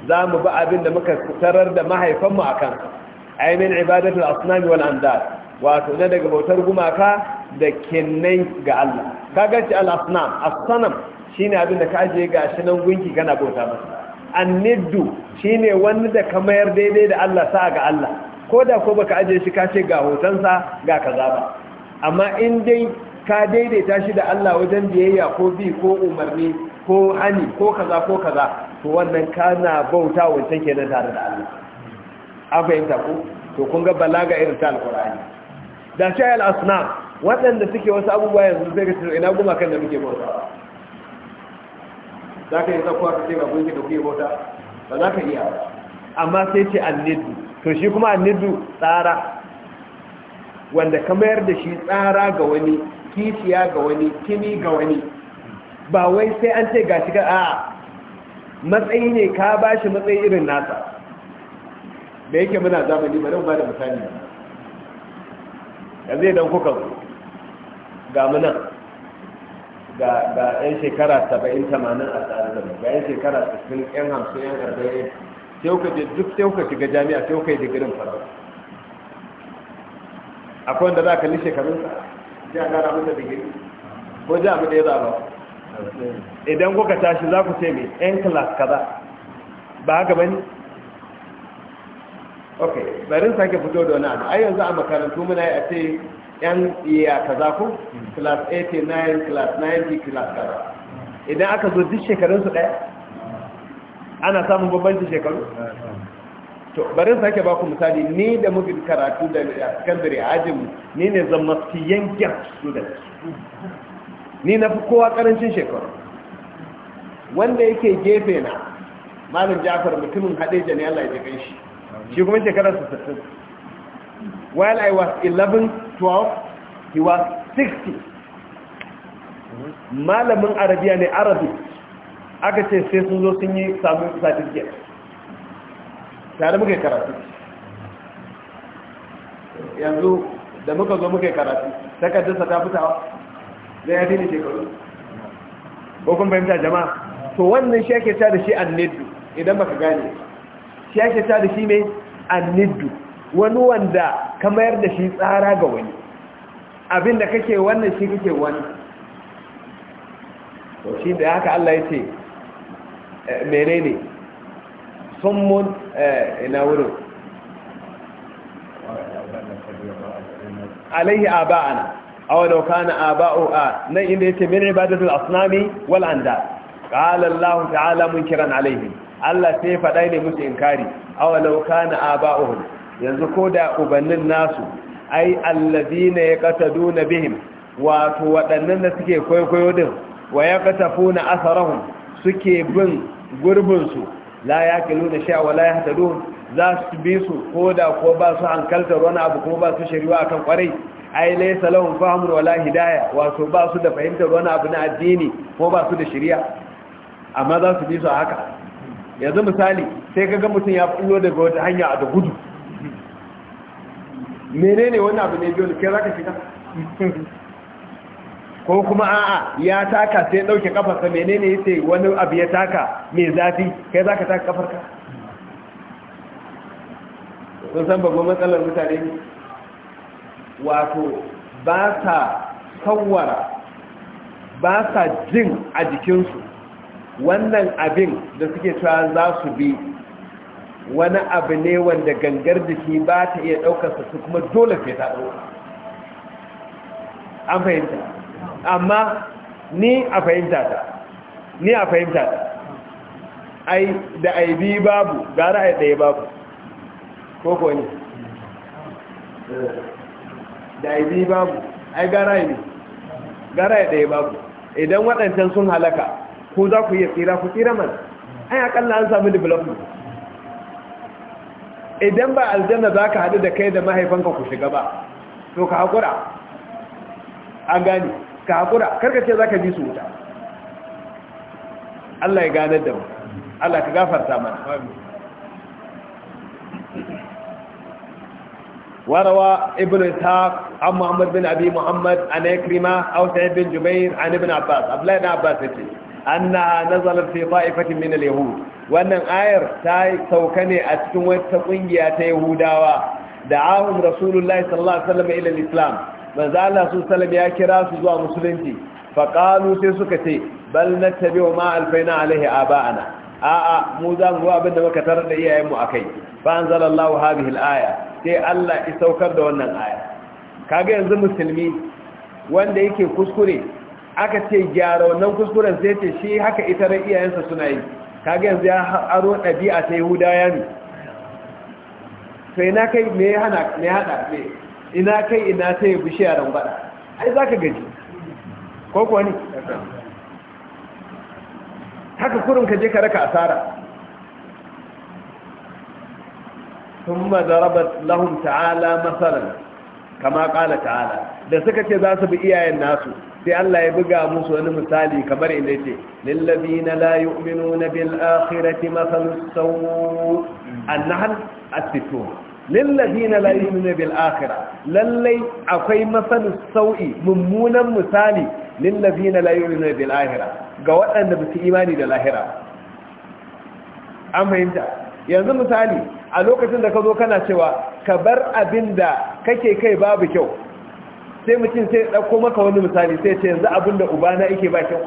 za mu ba abin da muka tarar da mahaifanmu a kan aimin ibadatul asnami wal andad wato na daga bautar gumaka da kinnai ga Allah kaga ci al asnam ne abin da ka ajiye shi nan gunki kana bauta masa shi ne wani da ka mayar daidai da Allah sa ga Allah ko da ko baka ajiye shi ka ce ga hotonsa ga kaza ba amma in dai ka daidaita shi da Allah wajen biyayya ko bi ko umarni ko hani ko kaza ko kaza to wannan kana bauta wancan kenan tare da Allah Akwai fahimta ko to kun ga balaga irin ta alqur'ani da shi al-asnam waɗanda suke wasu abubuwa yanzu sai ka ina kan da muke bauta za ka yi ka ce ga gunki da kuyi bauta ba za ka iya amma sai ce annidu to shi kuma annidu tsara wanda ka mayar da shi tsara ga wani kishiya ga wani kini ga wani ba wai sai an ce ga ga a matsayi ne ka ba shi matsayi irin nasa da yake muna zamani bari ba da misali yanzu idan kuka ga munan ga 'yan shekara 70-80 a tsarin da ga 'yan shekara 60 'yan hamsu 'yan 40 sai ka je duk sai ka shiga jami'a sai ka yi digirin farauta akwai wanda za ka ni shekarunsa ji a kara da digiri ko ji abu da ya zaba idan kuka tashi za ku ce mai 'yan class kaza ba haka bane ok barin sake fito da wani abu ai yanzu a makarantu muna yi a ce yan iya kaza ko class 89 class 90 class kaza idan aka zo duk shekarunsu ɗaya ana samun babbanci shekaru to barin sake baku misali ni da muka karatu da secondary ajin ni ne zama fiyan gap student ni na fi kowa karancin shekaru wanda yake gefe na malam jafar mutumin hadeja ne Allah ya jikan shi shi kuma shekarar 60 while I was 11, 12, he was 60. Malamin Arabiya ne Arabic, aka ce sai sun zo sun yi samun certificate. Tare muka karatu. Yanzu da muka zo muka karatu, takardarsa ta fitawa, zai ya dini shekaru. Bukun fahimta jama'a, to wannan shi ake ta da shi annidu idan baka gane. Shi ake ta da shi mai annidu, wani wanda ka mayar da shi tsara ga wani abin da kake wannan shi kake wani to shi da haka Allah ya ce eh, menene summun eh, ina wurin alaihi aba'ana aw law kana aba'u a nan inda yake min ibadatul asnami wal anda qala Allah ta'ala munkiran alaihi Allah sai fadai ne musu inkari aw law kana aba'uhum yanzu ko da ubannin nasu ai ya alladina duna bihim wato waɗannan da suke kwaikwayo din wa funa asarahum suke bin gurbin su la da sha wa la yahtadun za su bi su ko da ko ba su hankaltar wani abu ko ba su shari'a akan kwarai ai laysa lahum fahmun wala hidaya wato ba su da fahimtar wani abu na addini ko ba su da shari'a amma za su bi su haka yanzu misali sai kaga mutum ya fulo daga wata hanya a da gudu menene wani abu ne biyu kai zaka shiga ko kuma a'a ya taka sai dauke kafarsa menene yace wani abu ya taka mai zafi kai zaka taka kafarka sun san babban matsalar mutane wato ba sa sawara ba sa jin a jikinsu wannan abin da suke cewa za su bi wani abu ne wanda gangar jiki ba ta iya ɗaukarsa su kuma dole sai ta ɗauka an fahimta amma ni a fahimta ta ni a fahimta ta ai da aibi babu gara ai ɗaya babu ko ko ne da aibi babu ai gara ai ne gara ai ɗaya babu idan waɗancan sun halaka ko za ku iya tsira ku tsira mana ai akalla an samu development idan ba aljanna za ka haɗu da kai da mahaifanka ku shiga ba to ka haƙura an gani ka haƙura karkace za ka ji su wuta Allah ya ganar da mu Allah ka gafarta mana وروى ابن إسحاق عن محمد بن أبي محمد عن إكرمة أو سعيد بن جبير عن ابن عباس أبلا ابن عباس أنها نزلت في طائفة من اليهود wannan ayar ta sauka ne a cikin wata kungiya ta yahudawa da ahun rasulullahi sallallahu alaihi wasallam ila islam manzo Allah su sallam ya kira su zuwa musulunci fa qalu sai suka ce bal nattabi'u ma alfaina alaihi aba'ana a'a mu za mu abinda muka tarar da iyayen mu akai fa anzalallahu hadhihi alaya sai Allah ya saukar da wannan aya kaga yanzu musulmi wanda yake kuskure aka ce gyara wannan kuskuren sai ce shi haka ita ran iyayensa suna yi ga yanzu ya aro ɗabi'a ta ya ne Sai na kai me ya hana me hada me ina kai ina ta yi a rambada ai za ka gaji ko kuwa ne haka kurin ka je ka raka asara ثم ضربت lahun ta'ala masarar kama ƙala ta'ala da suka ce za su bi iyayen nasu sai Allah ya buga musu wani misali kamar inda yake lillazina la yu'minuna bil akhirati mathalus sawu annahl as-sittun lillazina la yu'minuna bil akhirah lallai akwai mathalus sawi mummunan misali lillazina la yu'minuna bil akhirah ga waɗanda ba su imani da lahira an fahimta yanzu misali a lokacin da ka zo kana cewa ka bar abin da kake kai babu kyau sai mutum sai ɗauko maka wani misali sai ce yanzu abin da ubana na ba kyau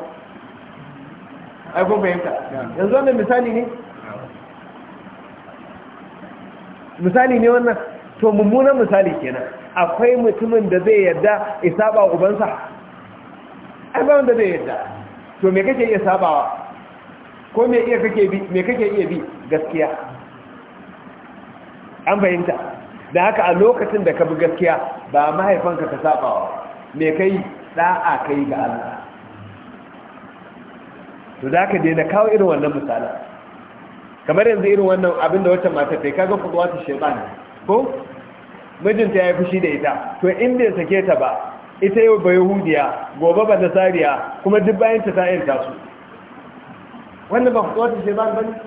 aikon fahimta yanzu wannan misali ne misali ne wannan to mummunan misali kenan akwai mutumin da zai yadda isaba ubansa ba wanda zai yadda to me kake iya sabawa ko me kake iya bi gaskiya an fahimta da haka a lokacin da ka bi gaskiya ba mahaifanka ka wa me kai da'a kai ga Allah to da haka daina kawo irin wannan misala. kamar yanzu irin wannan abin da wata mata ta yi kaga ta shebani. ko mijinta ya yi fushi da ita to in bai sake ta ba ita yau ba yahudiya gobe ba nasariya kuma duk bayan ta ta'ir tasu wannan ba ta shebani ba ne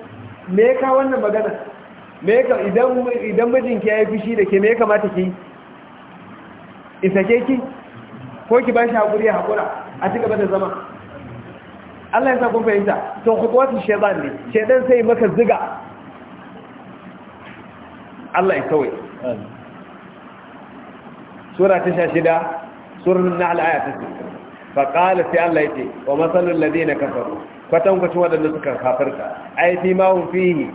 me ya kawo wannan magana me ka idan idan mijinki yayi fushi da ke me kamata ki isake ki ko ki bashi hakuri ya hakura a ci gaba da zama Allah ya sa kun fahimta to hukumatu shaidan ne Shaidan sai maka ziga Allah ya kawai sura ta shida, sura an-nahl aya ta 6 fa sai Allah yace wa masalul ladina kafaru kwatan kwatan wadanda suka kafirta ayati ma hum fihi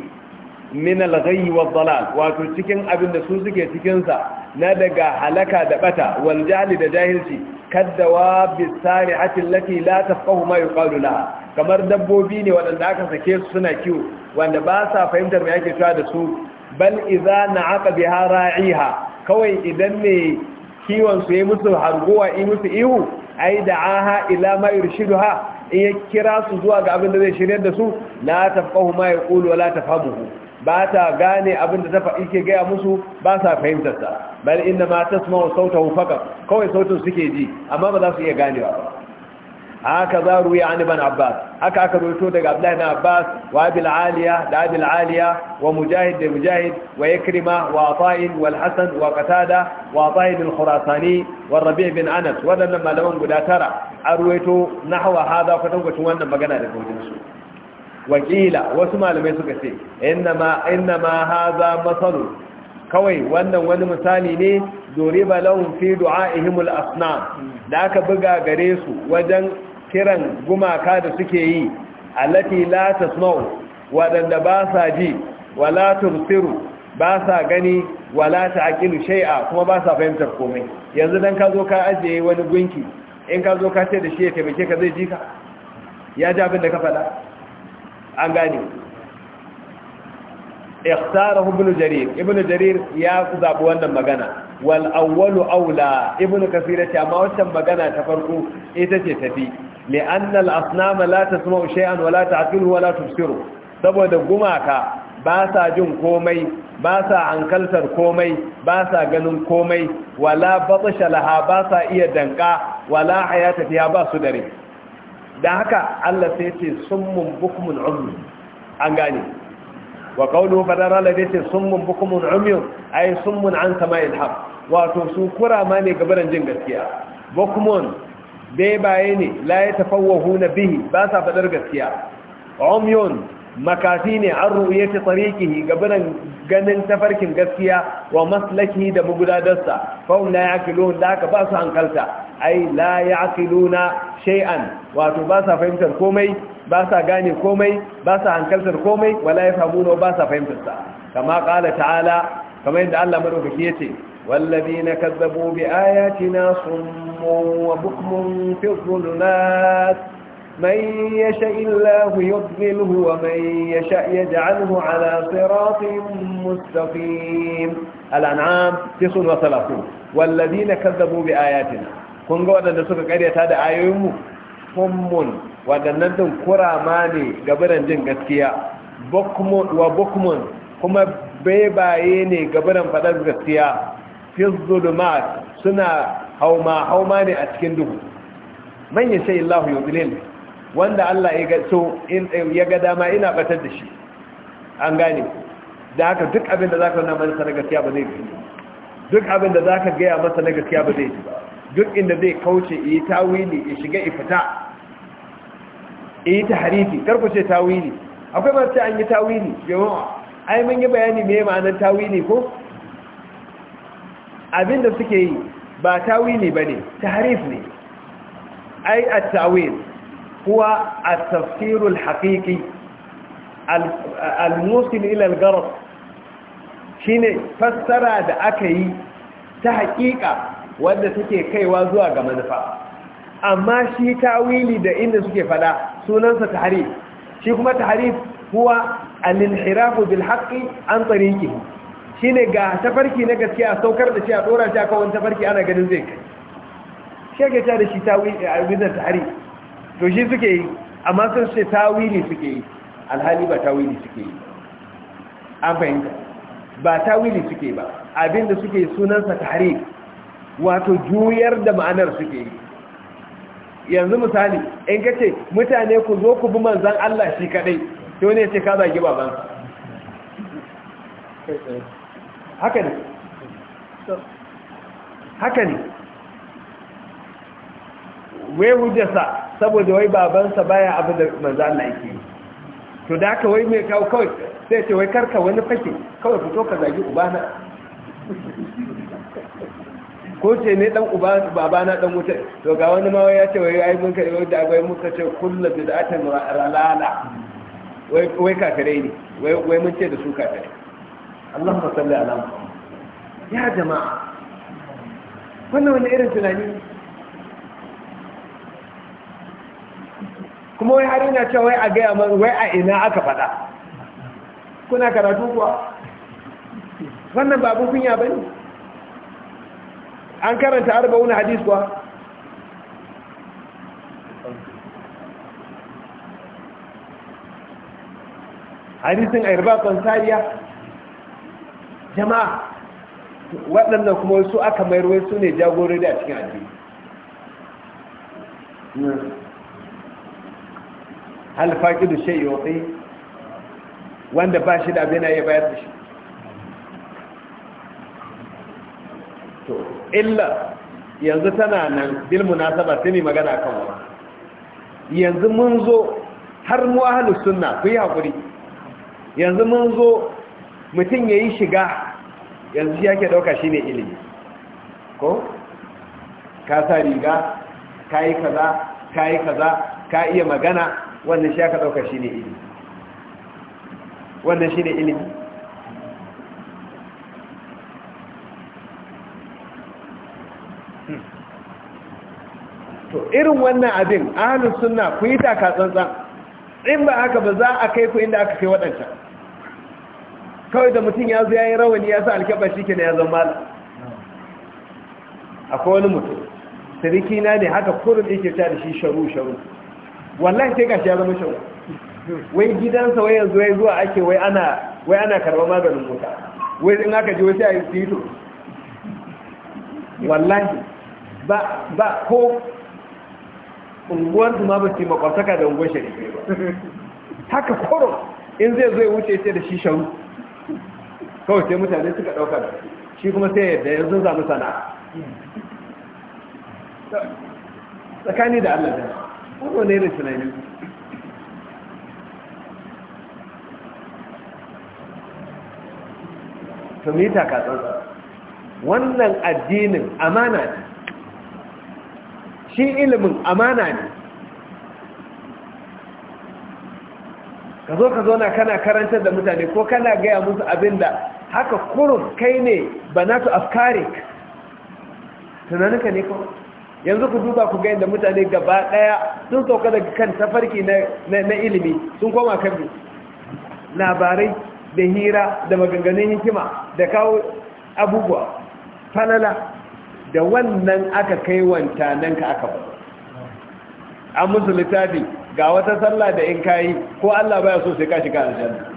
min al-ghayyi wa dalal wato cikin abin da su suke cikin sa na daga halaka da bata wal jahli da jahilci kaddawa bi sarihati allati la tafqahu ma yuqalu laha kamar dabbobi ne waɗanda aka sake su suna kiwo wanda ba sa fahimtar me ake cewa da su bal idza na'aqa biha ra'iha kawai idan ne kiwon su yayi musu harguwa yi musu ihu ai da'aha ila ma yurshiduha in ya kira su zuwa ga abin da zai shiryar da su la tafqahu ma yaqulu wa la tafhamuhu ba ta gane abinda da ta ke gaya musu ba sa fahimtarsa bal inna ma tasma'u sautahu faqat kawai sautin suke ji amma ba za su iya ganewa ba haka za ruya an ibn abbas haka aka ruwaito daga abdullahi na abbas wa abil aliya da abil aliya wa mujahid da mujahid wa ikrima wa ata'in wal hasan wa qatada wa ata'in khurasani wa rabi' bin anas wadannan malaman guda tara a ruwaito nahwa hada kwatankwacin wannan magana da kaujin su wakila wasu malamai suka ce inna ma hadha masalu kawai wannan wani misali ne doriba lahum fi du'aihim al-asnam da aka buga gare su wajen kiran gumaka da suke yi allati la tasma'u wadanda ba sa ji wala tursiru ba sa gani wala ta'qilu shay'a kuma ba sa fahimtar komai yanzu dan ka zo ka ajiye wani gunki in ka zo ka ce da shi ya taimake ka zai ji ka ya ji abin da ka faɗa an gane ikhtarahu ibn jarir ibn jarir ya zabi wannan magana wal awwalu aula ibn kasir ce amma wannan magana ta farko ita ce tafi anna al asnam la tasma'u shay'an wa la ta'qilu wa la tubsiru saboda gumaka ba sa jin komai ba sa hankaltar komai ba sa ganin komai wala batsha laha ba sa iya danka wala hayata fiha ba su dare da haka Allah sai ce summun bukumin ummi an gane wa qawlu badara la dace summun bukmun ummi ay summun an sama'il haq wato su kura ma ne gabaran jin gaskiya bukumin bai baye ne la yatafawwahuna bihi ba sa fadar gaskiya umyun makafi ne an ru'yati tariqihi gabaran ganin tafarkin gaskiya wa maslaki da magudadarsa fa la yaqilun da ka ba su hankalta ai la yaqiluna shay'an wato ba sa fahimtar komai ba sa gane komai ba sa hankaltar komai wala yafhamuna ba sa fahimtar sa kama qala ta'ala Kama yadda Allah ce. madaukaki yace والذين كذبوا بآياتنا صم وبكم في الظلمات من يشاء الله يضلله ومن يشاء يجعله على صراط مستقيم الأنعام 39 والذين كذبوا بآياتنا kun ga waɗanda suka karyata da ayoyinmu hummun waɗannan din kurama ne gabaran jin gaskiya wa bukmun kuma bebaye ne gabaran faɗar gaskiya fi zulumat suna hauma hauma ne a cikin duhu man yasha Allah yudlil wanda Allah ya ga so eh, ya ga dama ina batar da shi an gane da haka duk abin da zaka nuna masa na gaskiya ba zai yi duk abin da zaka gaya masa na gaskiya ba zai yi duk inda zai kauce yi tawili ya shiga ifita yi tahrifi kar ku ce tawili akwai masu an yi tawili yawa ai mun yi bayani me ma'anar tawili ko abin da suke yi ba tawili bane tahrif ne ai at-tawil هو التفسير الحقيقي الموصل إلى الغرض shine fassara da aka yi ta hakika wadda take kaiwa zuwa ga manufa amma shi tawili da inda suke fada sunansa tahrif shi kuma tahrif huwa al-inhiraf bil haqqi an tariqihi shine ga tafarki na gaskiya saukar da shi a dora shi akan tafarki ana ganin zai kai shi ta da shi tawili a bizar tahrif to shi suke yi amma sun ce tawili suke yi alhali ba tawili suke yi an fahimta ba tawili suke ba abinda suke sunansa tare wato juyar da ma'anar suke yi yanzu misali in ka ce mutane ku zo ku bi manzan Allah shi kadai to ne ce ka zagi baban haka ne haka ne wai hujjarsa saboda wai babansa baya abu da manzo Allah yake to da ka wai mai kawo kawai sai ce wai karka wani fake kawai fito ka zagi ubana ko ce ne dan uba babana dan wuta to ga wani ma ya ce wai ai mun kai wai da wai muka ce kullu bid'atan ralala wai wai kakare ne wai wai mun ce da su kakare Allahumma salli ala Muhammad ya jama'a wannan wani irin tunani kuma wai har yana wai a gaya man wai a ina aka faɗa kuna karatu kuwa wannan ba abin kunya ba ne an karanta wani hadis kuwa hadisin kan sariya jama'a waɗannan kuma wasu aka mayar su ne jagorori a cikin addini hmm. alfaƙidu shai yotsi wanda ba shi da abin ya bayar da shi to illa yanzu tana nan bilmu na saba sai magana kan wa yanzu mun zo har mu ahlus sunna ku yi hakuri, yanzu mun zo mutum yayi shiga yanzu shi yake ɗauka shine ilimi ko ka sa riga ka yi kaza ka yi kaza ka iya magana wannan shi aka ɗauka shi ne ilimi wannan shi ne ilimi to irin wannan abin ahalin suna ku yi taka tsantsan in ba haka ba za a kai ku inda aka kai waɗancan kawai da mutum ya zuwa yi rawani ya sa alkebar shi ke na ya zama akwai wani mutum sirikina ne haka kurin ikirta ta da shi sharu-sharu wallahi sai gashi ya zama shawo wai gidansa wai yanzu wai zuwa ake wai ana wai ana karɓar maganin mota, wai in aka ji wasu a yi fito wallahi ba ba ko unguwar su ma ba su makwasaka da unguwar shari'a. ba haka koro in zai zai wuce sai da shi shawu kawai sai mutane suka ɗauka da shi kuma sai yadda yanzu mu sana'a tsakani da allah da abu ne da tunani to mu yi takatsantsa wannan addinin amana ne shi ilimin amana ne ka zo ka zauna kana karantar da mutane ko kana gaya musu abin da haka kurun kai ne banatu afkarik tunaninka ne kawai yanzu ku duba ku ga da mutane gaba daya sun sauka daga kan tafarki na ilimi sun koma kan labarai da hira da maganganun hikima da kawo abubuwa falala da wannan aka kai wanta nan ka aka an musu littafi ga wata sallah da in kayi ko Allah baya so sai ka shiga aljanna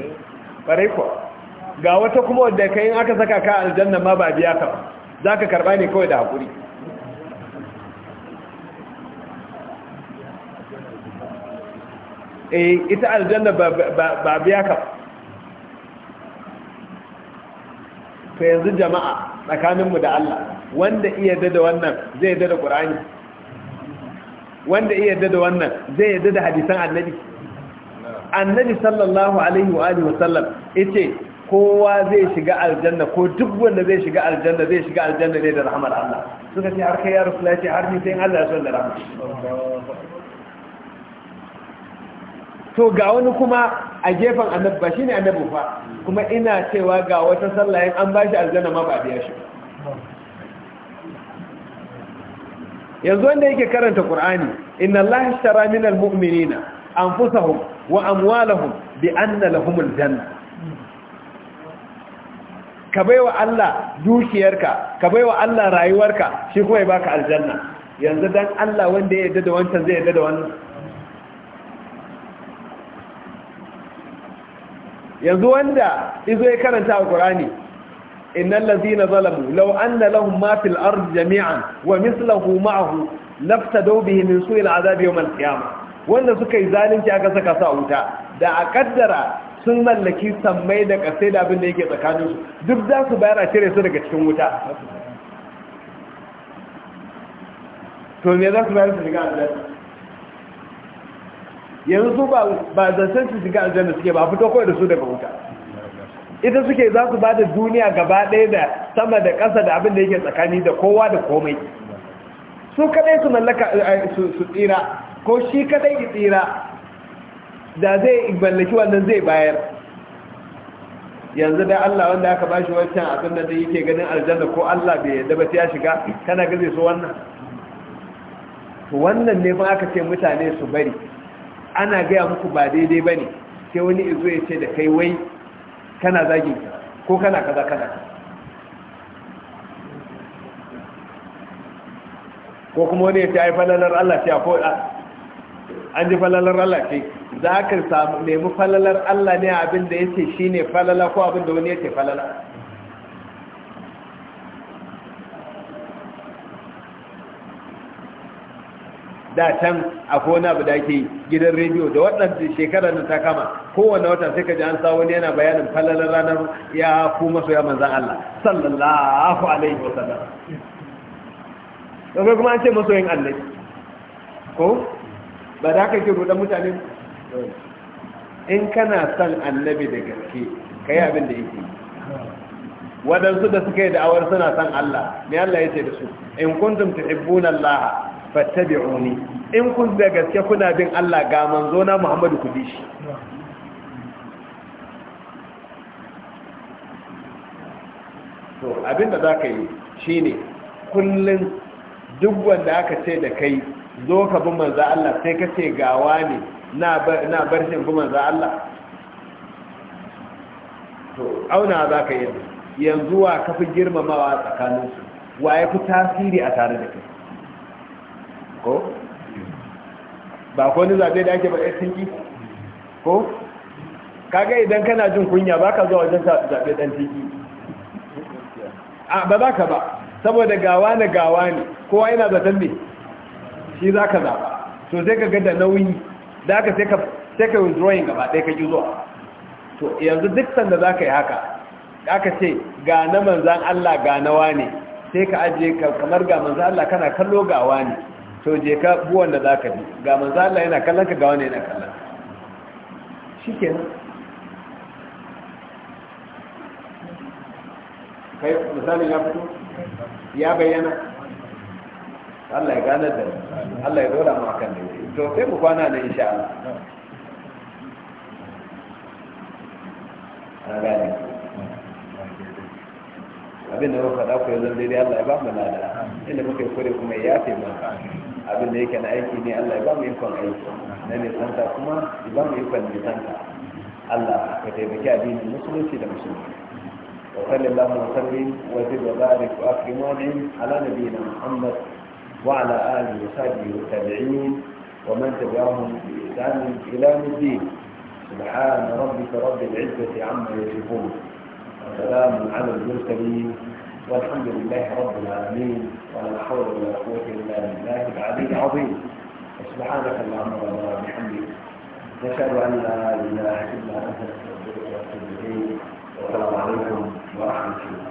eh? kuwa ga wata kuma wadda ka yin aka saka ka aljanna ma ba biya ka za ka karɓa ne kawai da haƙuri eh ita aljanna ba biya ka ta yanzu jama'a tsakaninmu da Allah wanda iya yadda da wannan zai yadda da wanda iya yadda da wannan zai yadda da hadisan Annabi Annabi sallallahu alaihi wa alihi wasallam yace kowa zai shiga aljanna ko duk wanda zai shiga aljanna zai shiga aljanna ne da rahmar Allah suka ce har kai ya rasu lafi har ni sai Allah ya so da rahmar to ga wani kuma a gefen annabi ba ne annabi fa kuma ina cewa ga wata sallah in an shi aljanna ma ba biya shi yanzu wanda yake karanta qur'ani inna allaha ishtara minal mu'minina anfusahum wa amwalahum bi anna lahumul janna ka baiwa Allah dukiyarka ka baiwa Allah rayuwarka shi kuma ya baka aljanna yanzu dan Allah wanda ya yarda da wancan zai yarda da wannan yanzu wanda izo ya karanta alqur'ani innal ladina zalamu law anna lahum ma fil ard jami'an wa mithluhu ma'ahu laftadu bihi min su'il azab yawm al-qiyamah wanda suka yi zalunci aka saka su a wuta da a kaddara sun mallaki sammai da ƙasai da abin da yake tsakaninsu duk za su bayar a cire su daga cikin wuta to ne za su bayar su shiga aljanna yanzu ba zancen su shiga aljanna suke ba fito kawai da su daga wuta ita suke za su ba da duniya gaba ɗaya da sama da ƙasa da abin da yake tsakani da kowa da komai su kadai su mallaka eh, su tsira ko shi kadai ya tsira da zai mallaki wannan zai bayar yanzu da Allah wanda aka bashi wancan abin da yake ganin aljanna ko Allah bai yadda ba ya shiga kana gaze su wannan to wannan ne ba aka ce mutane su bari ana gaya muku ba daidai bane sai wani izo ya ce da kai wai kana zagin ka ko kana kaza kana ko kuma wani ya ce ai falalar Allah ce a an ji falalar Allah ce za ka samu nemi falalar Allah ne abin da yake ne falala ko abin da wani yake falala da can ko wani abu da ke gidan rediyo da waɗanda shekarar da ta kama kowane wata sai ka ji an sa wani yana bayanin falalar ranar ya ku maso ya manzan Allah sallallahu alaihi wasallam. Ɗauke kuma an ce masoyin Allah ko? ba da haka ke roɗa mutane in kana son annabi da gaske ka yi abin da yake waɗansu da suka yi da'awar suna son Allah mai Allah ya ce da su in kuntum tuhibbuna Allah fattabi'uni in kun da gaske kuna bin Allah ga manzo na Muhammadu ku bi shi to za ka yi shine kullun duk wanda aka ce da kai zo ka bi manza Allah sai ka ce gawa ne na bar shi bi manza Allah to auna za ka yi yanzu wa ka fi girmamawa tsakaninsu wa ya fi tasiri a tare da kai ko ba ko ni zabe da ake ba ɗaya eh, tinki ko kaga idan kana jin kunya ba ka zuwa wajen zabe ɗan tinki a ba za ka ba saboda gawa na gawa ne kowa yana zaton ne shi za ka zaɓa to sai ka gada nauyi da aka sai ka withdrawing gaba ɗaya ka ƙi zuwa to yanzu duk sanda za ka yi haka aka ce ga na manzan Allah ga na wane sai ka ajiye kamar ga manzan Allah kana kallo ga wane to je ka buwan da za ka bi ga manzan Allah yana kallon ka ga wane yana kallon shi ke nan kai misalin ya fito ya bayyana Allah ya gane da Allah ya dora mu akan da to sai mu kwana nan insha Allah an gane abin da ya faɗa ku yanzu daidai Allah ya ba mu nada, inda muka yi kure kuma ya fi mu abin da yake na aiki ne Allah ya ba mu ikon aiki na nisanta kuma ya ba mu ikon nisanta Allah ka taimaki addinin musulunci da musulunci وصلى الله وسلم وزد وبارك واكرم على نبينا محمد وعلى آله وصحبه والتابعين ومن تبعهم بإحسان إلى الدين سبحان ربك رب العزة عما يصفون وسلام على المرسلين والحمد لله رب العالمين ولا حول ولا قوة إلا بالله العلي العظيم سبحانك اللهم وبحمدك نشهد أن لا إله إلا أنت نستغفرك ونتوب إليك والسلام عليكم ورحمة الله